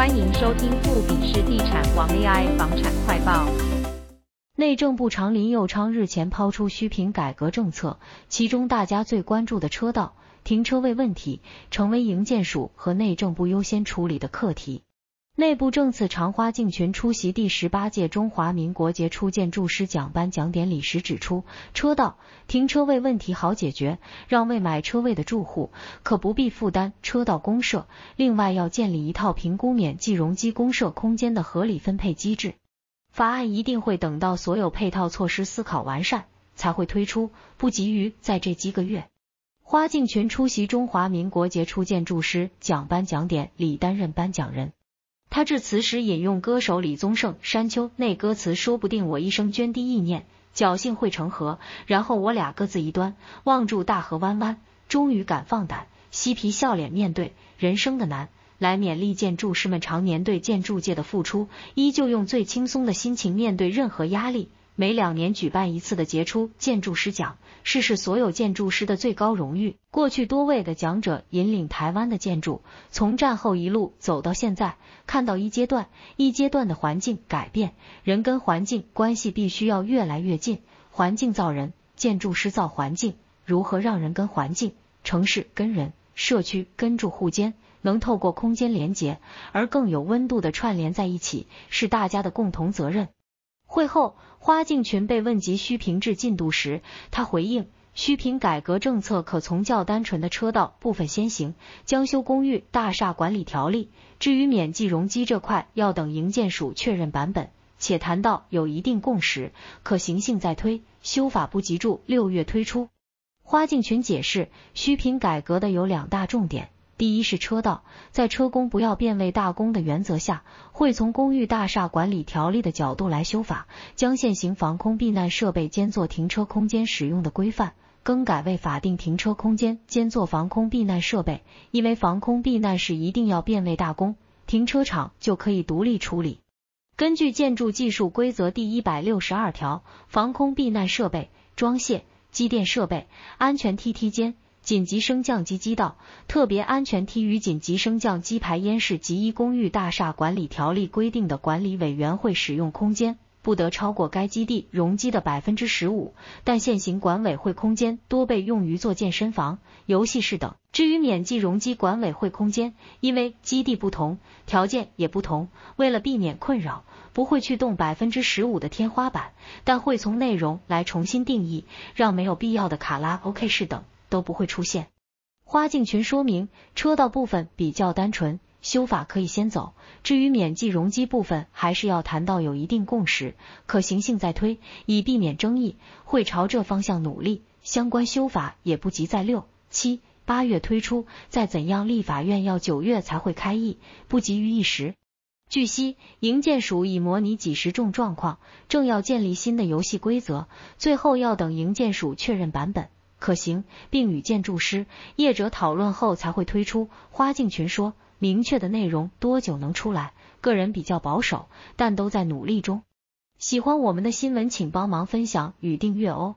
歡迎收聽富比士地產王 AI 房產快報。內政部長林右昌日前拋出虛坪改革政策，其中大家最關注的車道、停車位問題，成為營建署和內政部優先處理的課題。內部政部次長花敬群出席第十八屆中華民國傑出建築師獎頒獎典禮時指出，車道停車位問題好解決，讓未買車位的住戶可不必負擔車道公設。另外，要建立一套評估免計容積公設空間的合理分配機制。法案一定會等到所有配套措施思考完善才會推出，不急於在這幾個月。花敬群出席中華民國傑出建築師獎頒獎典禮，理擔任頒獎人。他致辭時引用歌手李宗盛《山丘》那歌詞，說不定我一生涓滴意念，僥幸匯成河。然後我倆各自一端，望住大河彎彎，終於敢放膽，嬉皮笑臉面對人生的難，來勉勵建築師們常年對建築界的付出，依舊用最輕鬆的心情面對任何壓力。每兩年舉辦一次的傑出建築師獎，是是所有建築師的最高榮譽。過去多位的獎者引領台灣的建築，從戰後一路走到現在，看到一階段一階段的環境改變，人跟環境關係必須要越來越近，環境造人，建築師造環境，如何讓人跟環境、城市跟人、社區跟住戶間能透過空間連接而更有溫度的串聯在一起，是大家的共同責任。會後，花敬群被問及虛坪制進度時，他回應：虛坪改革政策可從較單純的車道部分先行，將修公寓大廈管理條例。至於免計容積這塊，要等營建署確認版本，且談到有一定共識，可行性再推修法不急住，六月推出。花敬群解釋，虛坪改革的有兩大重點。第一是車道，在車公不要變為大公的原則下，會從公寓大廈管理條例的角度來修法，將現行防空避難設備兼做停車空間使用的規範，更改為法定停車空間兼做防空避難設備。因為防空避難時一定要變為大公，停車場就可以獨立處理。根據建築技術規則第一百六十二條，防空避難設備、裝卸機電設備、安全梯梯間。緊急升降機機道、特別安全梯與緊急升降機排煙室及一公寓大廈管理條例規定的管理委員會使用空間不得超過該基地容積的百分之十五，但現行管委會空間多被用於做健身房、遊戲室等。至於免計容積管委會空間，因為基地不同，條件也不同，為了避免困擾，不會去動百分之十五的天花板，但會從內容來重新定義，讓沒有必要的卡拉 OK 室等。都不會出現。花敬群說明車道部分比較單純，修法可以先走。至於免計容積部分，還是要談到有一定共識、可行性再推，以避免爭議。會朝這方向努力。相關修法也不急在六、七、八月推出，再怎樣，立法院要九月才會開議，不急於一時。據悉，營建署已模擬幾十種狀況，正要建立新的遊戲規則，最後要等營建署確認版本。可行，並與建築師、業者討論後才會推出。花敬群說，明確的內容多久能出來？個人比較保守，但都在努力中。喜歡我們的新聞，請幫忙分享與訂閱哦。